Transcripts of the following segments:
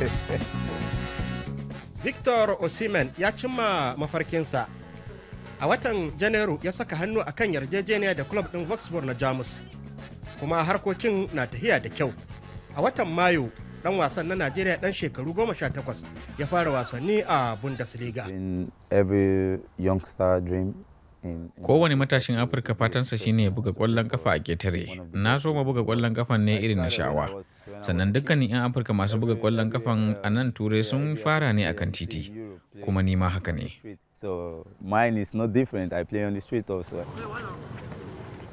Victor Osimhen ya cimma mafarkinsa. A watan Janairu ya saka hannu a kan yarjejeniya da club din Wolfsburg na Jamus, kuma harkokin na tahiya da kyau. A watan Mayu, dan wasan na Najeriya dan shekaru goma sha takwas ya fara wasanni a Bundesliga. every youngster Kowane matashin Afirka fatansa shine ya buga kwallon kafa a ketare. Na so ma buga kwallon kafan ne irin na shawa. Sannan dukkanin 'yan Afirka masu buga kwallon e, kafan a nan Turai sun fara ne akan titi. Kuma ni haka ne.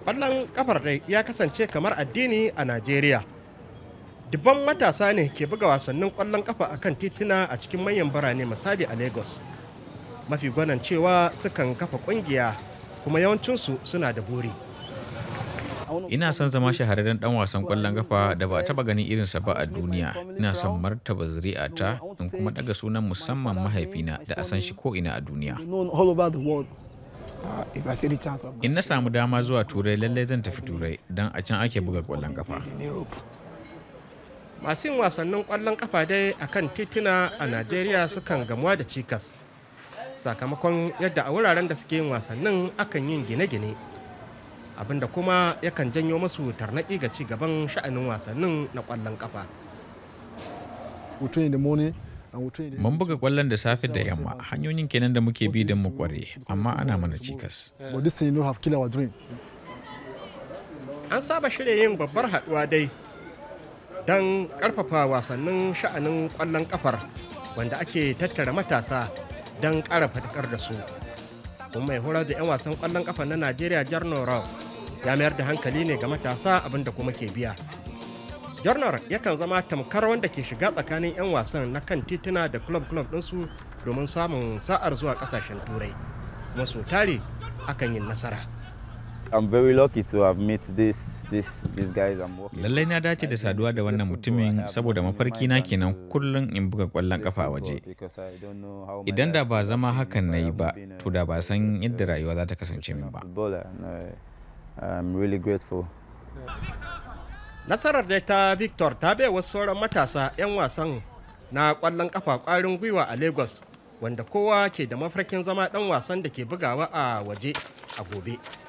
kwallon kafar dai ya kasance kamar addini a Najeriya. Dubban matasa ne ke buga wasannin kwallon kafa a kan tituna a cikin manyan birane misali a Lagos. mafi gwanan cewa sukan kafa kungiya kuma yawancinsu suna da buri ina son zama shahararren dan wasan kwallon kafa da ba taba ganin irinsa ba a duniya ina son martaba zuri'a ta in kuma daga sunan musamman mahaifina da a san shi ko ina a duniya in na samu dama zuwa turai lallai zan tafi turai don a can ake buga kwallon kafa masu yin wasannin kwallon kafa dai akan tituna a najeriya sukan gamuwa da cikas sakamakon yadda a wuraren da suke yin wasannin akan yin gine-gine abinda kuma yakan janyo masu tarnaƙi ga ci gaban sha'anin wasannin na kwallon ƙafa. Mun buga kwallon da safe da yamma hanyoyin kenan da muke bi don mu kware amma ana mana cikas. An saba shirya yin babbar haɗuwa dai don ƙarfafa wasannin sha'anin kwallon ƙafar wanda ake tattara matasa don ƙara fatakar da su kuma mai horar da 'yan wasan ƙwallon ƙafa na najeriya jarno rao ya mayar da hankali ne ga matasa abinda kuma ke biya jarnar yakan zama tamkar wanda ke shiga tsakanin 'yan wasan na kan tituna da club-club ɗinsu domin samun sa'ar zuwa ƙasashen turai kuma sau tare akan yi nasara I'm very lucky to have met this this these guys I'm working. Lallai na dace da saduwa da wannan mutumin saboda mafarki na kenan kullum in buga kwallon kafa waje. Idan da ba zama hakan na yi ba, to da ba san yadda uh, rayuwa za ta kasance min ba. Nasarar da ta Victor ta bai wasu sauran matasa 'yan wasan na kwallon kafa kwarin gwiwa a Lagos wanda kowa ke da mafarkin zama dan wasan da ke bugawa a waje a gobe.